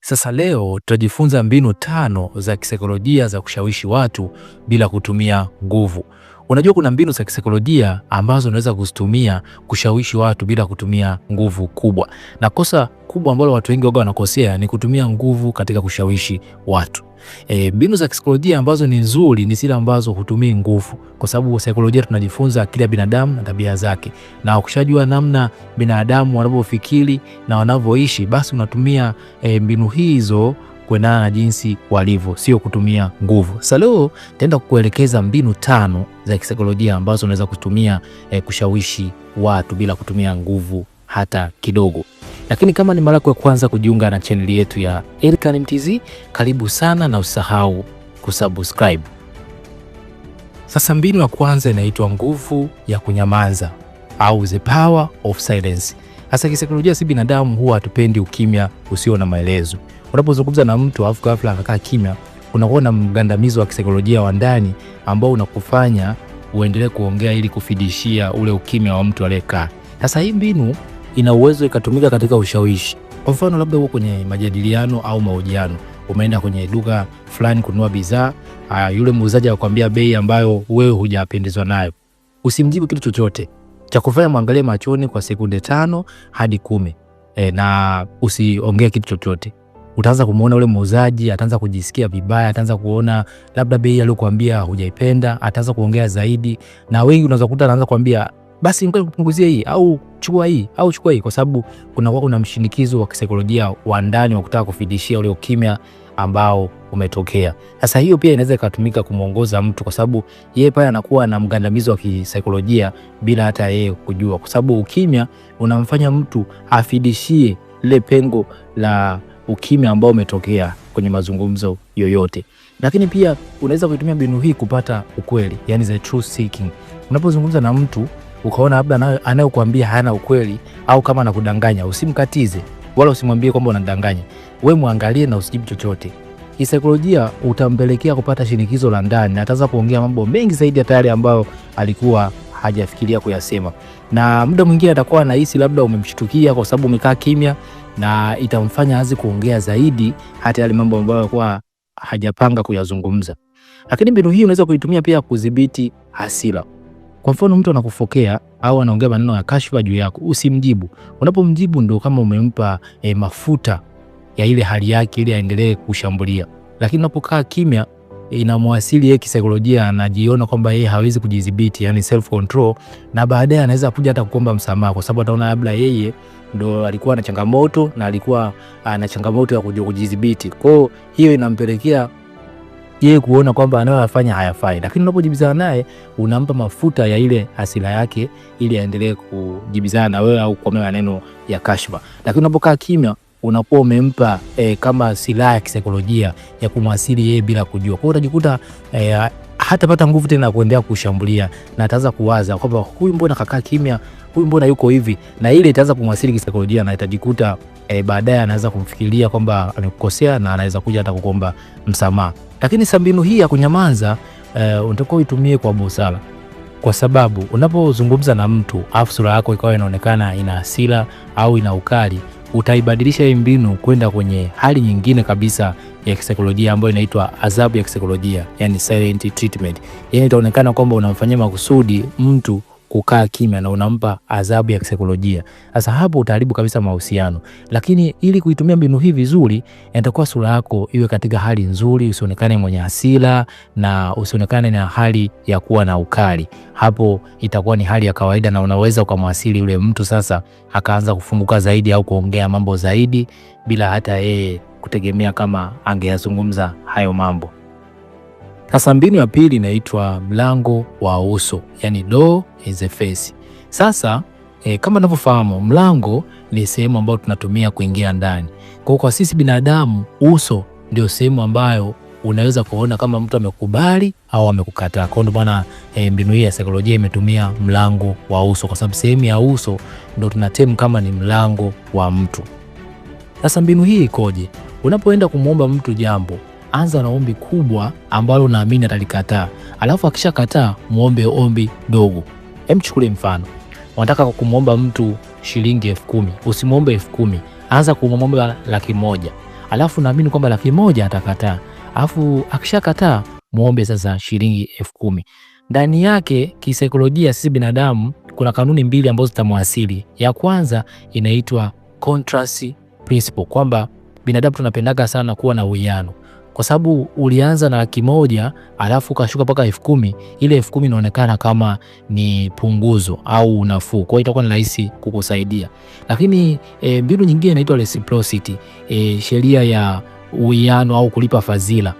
Sasa leo tutajifunza mbinu tano za kisaikolojia za kushawishi watu bila kutumia nguvu. Unajua kuna mbinu za kisaikolojia ambazo unaweza kuzitumia kushawishi watu bila kutumia nguvu kubwa, na kosa kubwa ambalo watu wengi waga wanakosea ni kutumia nguvu katika kushawishi watu. E, mbinu e, za kisaikolojia ambazo ni nzuri ni zile ambazo hutumii nguvu, kwa sababu saikolojia tunajifunza akili ya binadamu na tabia zake, na ukishajua namna binadamu wanavyofikiri na wanavyoishi, basi unatumia e, mbinu hizo kuendana na jinsi walivyo, sio kutumia nguvu. Sasa leo nitaenda kukuelekeza mbinu tano za kisaikolojia ambazo unaweza kutumia eh, kushawishi watu bila kutumia nguvu hata kidogo. Lakini kama ni mara yako ya kwanza kujiunga na chaneli yetu ya Erkan Mtz, karibu sana na usahau kusubscribe. Sasa mbinu ya kwanza inaitwa nguvu ya kunyamaza au the power of silence. Hasa kisaikolojia, si binadamu huwa hatupendi ukimya usio na maelezo. Unapozungumza na mtu afu ghafla akakaa kimya, unakuwa na mgandamizo wa kisaikolojia wa ndani ambao unakufanya uendelee kuongea ili kufidishia ule ukimya wa mtu aliyekaa. Sasa hii mbinu ina uwezo ikatumika katika ushawishi. Kwa mfano, labda uko kwenye majadiliano au mahojiano, umeenda kwenye duka fulani kununua bidhaa, ah, yule muuzaji akwambia bei ambayo wewe hujapendezwa nayo, usimjibu kitu chochote cha kufanya, mwangalie machoni kwa sekunde tano hadi kumi e, na usiongee kitu chochote utaanza kumuona ule muuzaji ataanza kujisikia vibaya, ataanza kuona labda bei aliyokuambia hujaipenda, ataanza kuongea zaidi, na wengi unaweza kukuta anaanza kuambia basi ngoja kupunguzia hii au chukua hii au chukua hii, kwa sababu kuna kwa kuna mshinikizo wa kisaikolojia wa ndani wa kutaka kufidishia ule ukimya ambao umetokea. Sasa hiyo pia inaweza ikatumika kumwongoza mtu, kwa sababu yeye pale anakuwa na mgandamizo wa kisaikolojia bila hata yeye kujua, kwa sababu ukimya unamfanya mtu afidishie lile pengo la ukimya ambao umetokea kwenye mazungumzo yoyote. Lakini pia unaweza kuitumia mbinu hii kupata ukweli, yani the truth seeking. Unapozungumza na mtu ukaona labda anayokuambia hayana ukweli au kama anakudanganya, usimkatize wala usimwambie kwamba unadanganya. We mwangalie na usijibu chochote. Kisaikolojia utampelekea kupata shinikizo la ndani na ataanza kuongea mambo mengi zaidi ya tayari ambayo alikuwa hajafikiria kuyasema, na muda mwingine atakuwa anahisi labda umemshtukia kwa sababu umekaa kimya, na itamfanya azi kuongea zaidi hata yale mambo ambayo alikuwa hajapanga kuyazungumza. Lakini mbinu hii unaweza kuitumia pia kudhibiti hasira. Kwa mfano, mtu anakufokea au anaongea maneno ya kashfa juu yako, usimjibu. Unapomjibu ndio kama umempa e, mafuta ya ile hali yake ili aendelee kushambulia. Lakini unapokaa kimya inamwasili yeye kisaikolojia, anajiona kwamba yeye hawezi kujidhibiti, yani self control, na baadaye anaweza kuja hata kuomba msamaha, kwa sababu ataona labda yeye ndo alikuwa na changamoto na alikuwa ana changamoto ya kujidhibiti. Kwa hiyo hiyo inampelekea yeye kuona kwamba anayoyafanya hayafai, lakini unapojibizana naye unampa mafuta ya ile hasira yake ili aendelee kujibizana na wewe au kukomea maneno ya kashfa, lakini unapokaa kimya unakuwa umempa e, kama silaha ya kisaikolojia ya kumwasili yeye bila kujua. Kwa hiyo utajikuta e, hatapata nguvu tena kuendelea kushambulia na ataanza kuwaza kwamba huyu mbona kakaa kimya, huyu mbona yuko hivi, na ile itaanza kumwasili kisaikolojia na itajikuta e, baadaye anaweza kumfikiria kwamba amekukosea na anaweza kuja hata kukuomba msamaha. Lakini mbinu hii ya kunyamaza e, unatakiwa uitumie kwa busara kwa sababu unapozungumza na mtu afu sura yako ikawa inaonekana ina hasira au ina ukali, utaibadilisha hii mbinu kwenda kwenye hali nyingine kabisa ya kisaikolojia ambayo inaitwa adhabu ya kisaikolojia, yani silent treatment. Yani itaonekana kwamba unamfanyia makusudi mtu kukaa kimya na unampa adhabu ya kisaikolojia. Sasa hapo utaharibu kabisa mahusiano, lakini ili kuitumia mbinu hii vizuri, inatakuwa sura yako iwe katika hali nzuri, usionekane mwenye hasira na usionekane na hali ya kuwa na ukali. Hapo itakuwa ni hali ya kawaida na unaweza ukamwasili yule mtu sasa, akaanza kufunguka zaidi au kuongea mambo zaidi bila hata yeye kutegemea kama angeyazungumza hayo mambo. Sasa mbinu ya pili inaitwa mlango wa uso, yani door is a face. Sasa e, kama unavyofahamu mlango ni sehemu ambayo tunatumia kuingia ndani. Kwa kwa sisi binadamu uso ndio sehemu ambayo unaweza kuona kama mtu amekubali au amekukataa. Kwa ndio maana e, mbinu hii ya saikolojia imetumia mlango wa uso, kwa sababu sehemu ya uso ndio tunatemu kama ni mlango wa mtu. Sasa mbinu hii ikoje? Unapoenda kumwomba mtu jambo anza na ombi kubwa ambalo unaamini atalikataa, alafu akishakataa muombe ombi dogo. Hem, chukulie mfano, unataka kumwomba mtu shilingi elfu kumi usimwombe elfu kumi anza kumwomba laki moja alafu naamini kwamba laki moja atakataa, alafu akishakataa muombe sasa shilingi elfu kumi Ndani yake kisaikolojia, sisi binadamu kuna kanuni mbili ambazo zitamwasili. Ya kwanza inaitwa contrast principle, kwamba binadamu tunapendaga sana kuwa na uwiano kwa sababu ulianza na laki moja alafu ukashuka mpaka elfu kumi ile elfu kumi inaonekana kama ni punguzo au nafuu, kwa hiyo itakuwa ni rahisi kukusaidia. Lakini e, mbinu nyingine inaitwa reciprocity e, sheria ya uwiano au kulipa fadhila.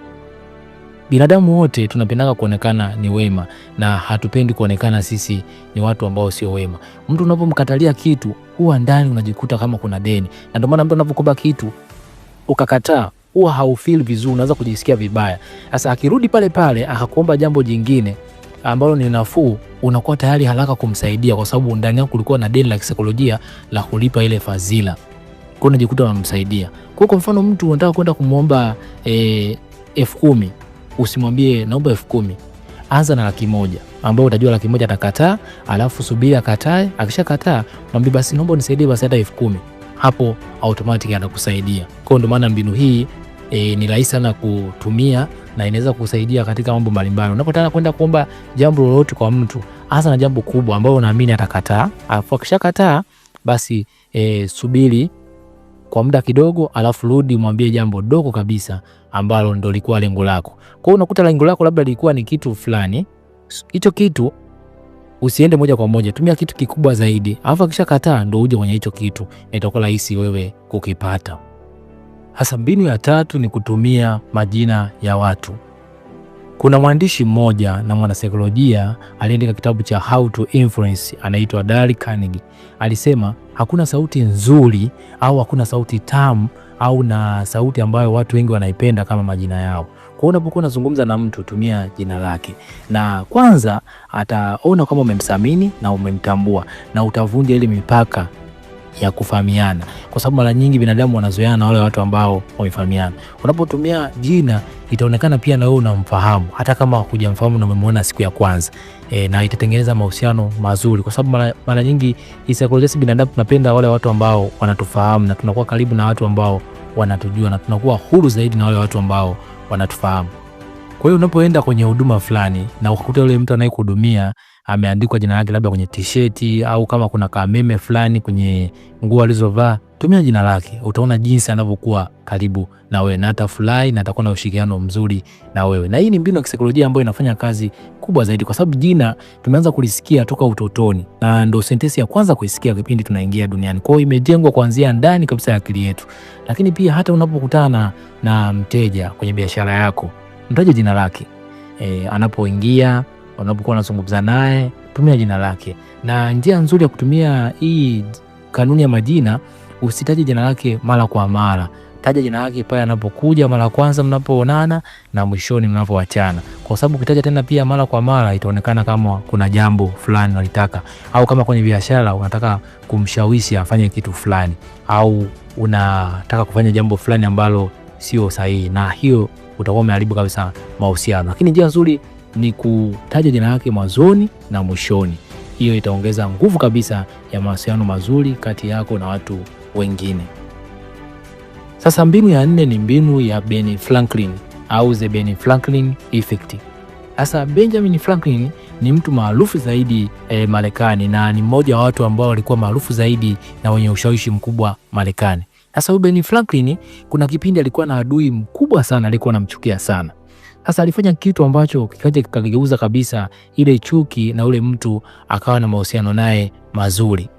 Binadamu wote tunapendaga kuonekana ni wema na hatupendi kuonekana sisi ni watu ambao sio wema. Mtu unapomkatalia kitu, huwa ndani unajikuta kama kuna deni, na ndio maana mtu anapokopa kitu ukakataa huwa haufeel vizuri, unaweza kujisikia vibaya. Sasa akirudi pale pale akakuomba jambo jingine ambalo ni nafuu, unakuwa tayari haraka kumsaidia, kwa sababu ndani yako kulikuwa na deni la kisaikolojia la kulipa ile fadhila, kwa hiyo unajikuta unamsaidia. Kwa kwa mfano mtu unataka kwenda kumwomba e, eh, elfu kumi usimwambie naomba elfu kumi anza na laki moja ambayo utajua laki moja atakataa, alafu subiri akatae. Akishakataa mwambie basi, naomba unisaidie basi hata elfu kumi hapo automatic anakusaidia. Kwa hiyo ndio maana mbinu hii e, ni rahisi sana kutumia na inaweza kusaidia katika mambo mbalimbali. Unapotaka kwenda kuomba jambo lolote kwa mtu, hasa na jambo kubwa ambalo unaamini atakataa, alafu akishakataa basi e, subiri kwa muda kidogo, alafu rudi mwambie jambo dogo kabisa ambalo ndo likuwa lengo lako. Kwa hiyo unakuta lengo lako labda lilikuwa ni kitu fulani, hicho kitu usiende moja kwa moja, tumia kitu kikubwa zaidi, alafu akishakataa ndo uje kwenye hicho kitu, na itakuwa rahisi wewe kukipata. Hasa mbinu ya tatu ni kutumia majina ya watu. Kuna mwandishi mmoja na mwanasaikolojia aliandika kitabu cha How to Influence, anaitwa Dale Carnegie. Alisema hakuna sauti nzuri au hakuna sauti tamu au na sauti ambayo watu wengi wanaipenda kama majina yao. Kwa hiyo unapokuwa unazungumza na mtu, tumia jina lake, na kwanza ataona kwamba umemthamini na umemtambua, na utavunja ile mipaka ya kufahamiana, kwa sababu mara nyingi binadamu wanazoeana na wale watu ambao wamefahamiana. Unapotumia jina itaonekana pia na wewe unamfahamu hata kama hujamfahamu na umemwona siku ya kwanza e, na itatengeneza mahusiano mazuri, kwa sababu mara nyingi isaikolojia binadamu tunapenda wale watu ambao wanatufahamu na tunakuwa karibu na watu ambao wanatujua na tunakuwa huru zaidi na wale watu ambao wanatufahamu. Kwa hiyo unapoenda kwenye huduma fulani na ukakuta yule mtu anayekuhudumia ameandikwa jina lake labda kwenye tisheti au kama kuna kameme fulani kwenye nguo alizovaa, tumia jina lake, utaona jinsi anavyokuwa karibu na wewe na atafurahi na atakuwa na ushirikiano mzuri na wewe. Na hii ni mbinu ya kisaikolojia ambayo inafanya kazi kubwa zaidi, kwa sababu jina tumeanza kulisikia toka utotoni na ndo sentensi ya kwanza kuisikia kipindi tunaingia duniani. Kwa hiyo imejengwa kuanzia ndani kabisa ya akili yetu, lakini pia hata unapokutana na mteja kwenye biashara yako, mtaje jina lake e, anapoingia wanapokuwa wanazungumza naye, tumia jina lake. Na njia nzuri ya kutumia hii kanuni ya majina, usitaje jina lake mara kwa mara. Taja jina lake pale anapokuja mara kwanza mnapoonana na mwishoni mnapoachana, kwa sababu ukitaja tena pia mara kwa mara itaonekana kama kuna jambo fulani unalitaka, au kama kwenye biashara unataka kumshawishi afanye kitu fulani, au unataka kufanya jambo fulani ambalo sio sahihi, na hiyo utakuwa umeharibu kabisa mahusiano. Lakini njia nzuri ni kutaja jina lake mwanzoni na mwishoni. Hiyo itaongeza nguvu kabisa ya mawasiliano mazuri kati yako na watu wengine. Sasa mbinu ya nne ni mbinu ya Ben Franklin au the Ben Franklin effect. Sasa Benjamin Franklin ni mtu maarufu zaidi e, Marekani na ni mmoja wa watu ambao walikuwa maarufu zaidi na wenye ushawishi mkubwa Marekani. Sasa huyu Ben Franklin kuna kipindi alikuwa na adui mkubwa sana, alikuwa anamchukia sana sasa alifanya kitu ambacho kikaja kikageuza kabisa ile chuki na ule mtu akawa na mahusiano naye mazuri.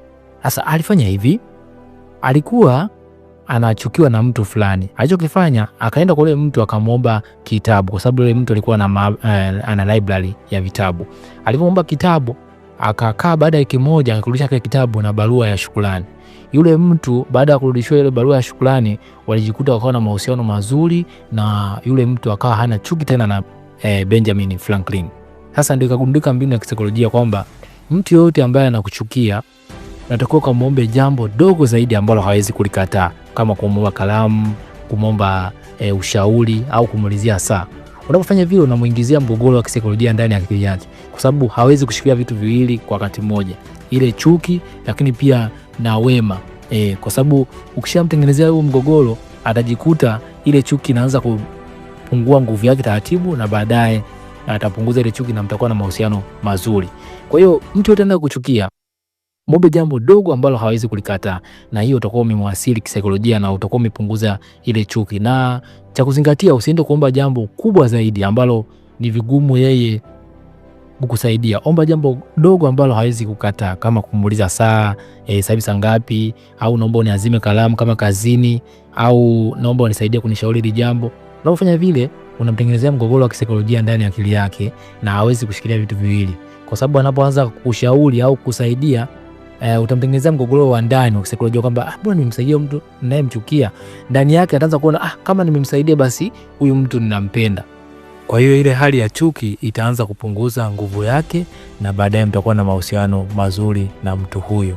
Sasa alifanya hivi, alikuwa anachukiwa na mtu fulani. Alichokifanya akaenda kwa ule mtu akamwomba kitabu, kwa sababu ule mtu alikuwa na ma, eh, ana library ya vitabu. Alipomwomba kitabu akakaa, baada ya wiki moja akarudisha kile kitabu na barua ya shukrani yule mtu baada ya kurudishiwa ile barua ya shukrani, walijikuta wakawa na mahusiano mazuri na yule mtu akawa hana chuki tena na e, Benjamin Franklin. Sasa ndio ikagundulika mbinu ya kisaikolojia kwamba mtu yoyote ambaye anakuchukia natakiwa ukamwombe jambo dogo zaidi ambalo hawezi kulikataa, kama kumwomba kalamu, kumwomba e, ushauri au kumulizia saa. Unapofanya vile, unamuingizia mgogoro wa kisaikolojia ndani ya akili yake, kwa sababu hawezi kushikilia vitu viwili kwa wakati mmoja, ile chuki, lakini pia na wema e, kwa sababu ukishamtengenezea huo mgogoro atajikuta ile chuki inaanza kupungua nguvu yake taratibu, na baadaye atapunguza ile chuki na mtakuwa na mahusiano mazuri. Kwa hiyo mtu yote anaweza kuchukia Mwobe jambo dogo ambalo hawezi kulikataa, na hiyo utakuwa umemwasili kisaikolojia na utakuwa umepunguza ile chuki. Na cha kuzingatia, usiende kuomba jambo kubwa zaidi ambalo ni vigumu yeye kukusaidia. Omba jambo dogo ambalo hawezi kukataa, kama kumuuliza saa e, sahivi saa ngapi, au naomba uniazime kalamu kama kazini, au naomba unisaidie kunishauri hili jambo. Unapofanya vile, unamtengenezea mgogoro wa kisaikolojia ndani ya akili yake, na hawezi kushikilia vitu viwili, kwa sababu anapoanza kushauri au kusaidia Uh, utamtengenezea mgogoro wa ndani wa kisaikolojia kwamba ah, bwana nimemsaidia mtu ninayemchukia. Ndani yake ataanza kuona ah, kama nimemsaidia basi huyu mtu ninampenda. Kwa hiyo ile hali ya chuki itaanza kupunguza nguvu yake, na baadaye mtakuwa na mahusiano mazuri na mtu huyo.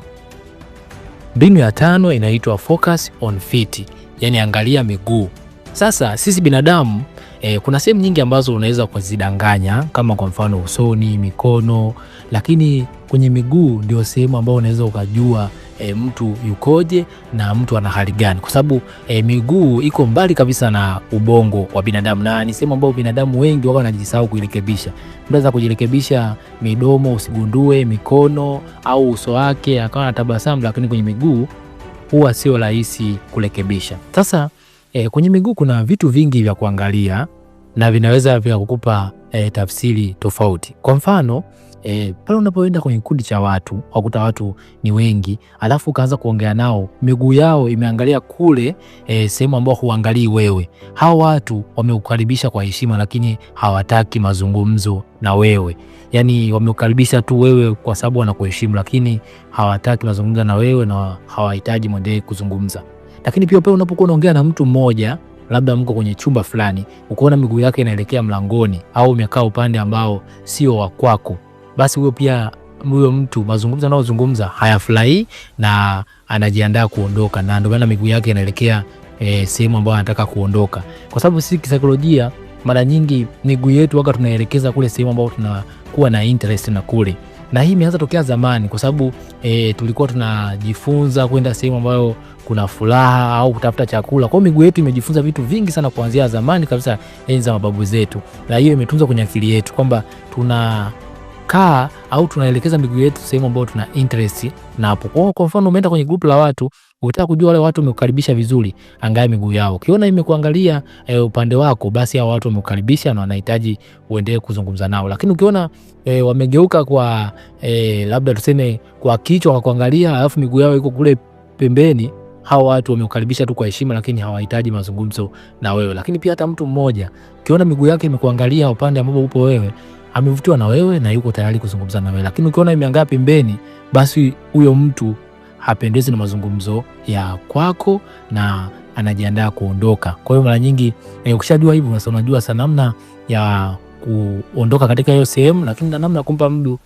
Mbinu ya tano inaitwa focus on feet, yani angalia miguu. Sasa sisi binadamu e, kuna sehemu nyingi ambazo unaweza kuzidanganya kama kwa mfano usoni, mikono, lakini kwenye miguu ndio sehemu ambayo unaweza ukajua e, mtu yukoje na mtu ana hali gani, kwa sababu e, miguu iko mbali kabisa na ubongo wa binadamu, na ni sehemu ambayo binadamu wengi wao wanajisahau kuirekebisha. Mtu anaweza kujirekebisha midomo, usigundue mikono au uso wake akawa na tabasamu, lakini kwenye miguu huwa sio rahisi kurekebisha. Sasa e, kwenye miguu kuna vitu vingi vya kuangalia na vinaweza vya kukupa e, tafsiri tofauti. Kwa mfano E, pale unapoenda kwenye kikundi cha watu wakuta watu ni wengi, alafu ukaanza kuongea nao, miguu yao imeangalia kule e, sehemu ambao huangalii wewe. Hao watu wameukaribisha kwa heshima, lakini hawataki mazungumzo na wewe, Yani wameukaribisha tu wewe kwa sababu wanakuheshimu, lakini hawataki mazungumzo na wewe na hawahitaji mwendelee kuzungumza. Lakini pia pale unapokuwa unaongea na mtu mmoja labda mko kwenye chumba fulani, ukaona miguu yake inaelekea mlangoni au umekaa upande ambao sio wa kwako basi huyo pia huyo mtu mazungumzo anayozungumza hayafurahi na anajiandaa kuondoka, na ndio maana miguu yake inaelekea e, sehemu ambayo anataka kuondoka, kwa sababu sisi kisaikolojia mara nyingi miguu yetu waka tunaelekeza kule sehemu ambayo tunakuwa na interest na kule, na hii imeanza tokea zamani, kwa sababu e, tulikuwa tunajifunza kwenda sehemu ambayo kuna furaha au kutafuta chakula. Kwa hiyo miguu yetu imejifunza vitu vingi sana kuanzia zamani kabisa, enzi za mababu zetu, na hiyo imetunza kwenye akili yetu kwamba tuna tunakaa au tunaelekeza miguu yetu sehemu ambayo tuna interest napo. Kwa hiyo kwa mfano umeenda kwenye group la watu, unataka kujua wale watu wamekukaribisha vizuri, angalia miguu yao. Ukiona imekuangalia e, upande wako, basi hao watu wamekukaribisha na wanahitaji uendelee kuzungumza nao. Lakini ukiona e, wamegeuka kwa e, labda tuseme kwa kichwa kwa kuangalia, alafu miguu yao iko kule pembeni hao watu wamekukaribisha tu kwa heshima, lakini hawahitaji mazungumzo na wewe. Lakini pia hata mtu mmoja ukiona miguu yake imekuangalia upande ambao upo wewe, amevutiwa na wewe na yuko tayari kuzungumza na wewe, lakini ukiona imeangaa pembeni, basi huyo mtu hapendezi na mazungumzo ya kwako na anajiandaa kuondoka. Kwa hiyo mara nyingi eh, ukishajua hivyo sasa unajua sana namna ya kuondoka katika hiyo sehemu, lakini na namna ya kumpa mdu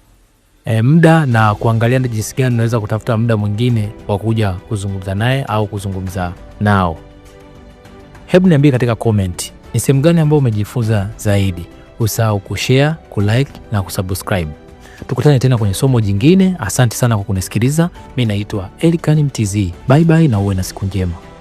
eh, muda na kuangalia ni jinsi gani unaweza kutafuta muda mwingine wa kuja kuzungumza naye au kuzungumza nao. Hebu niambie katika comment ni sehemu gani ambayo umejifunza zaidi usahau kushare, kulike na kusubscribe. Tukutane tena kwenye somo jingine. Asante sana kwa kunisikiliza. Mi naitwa Elikhan Mtz. Bye bye na uwe na siku njema.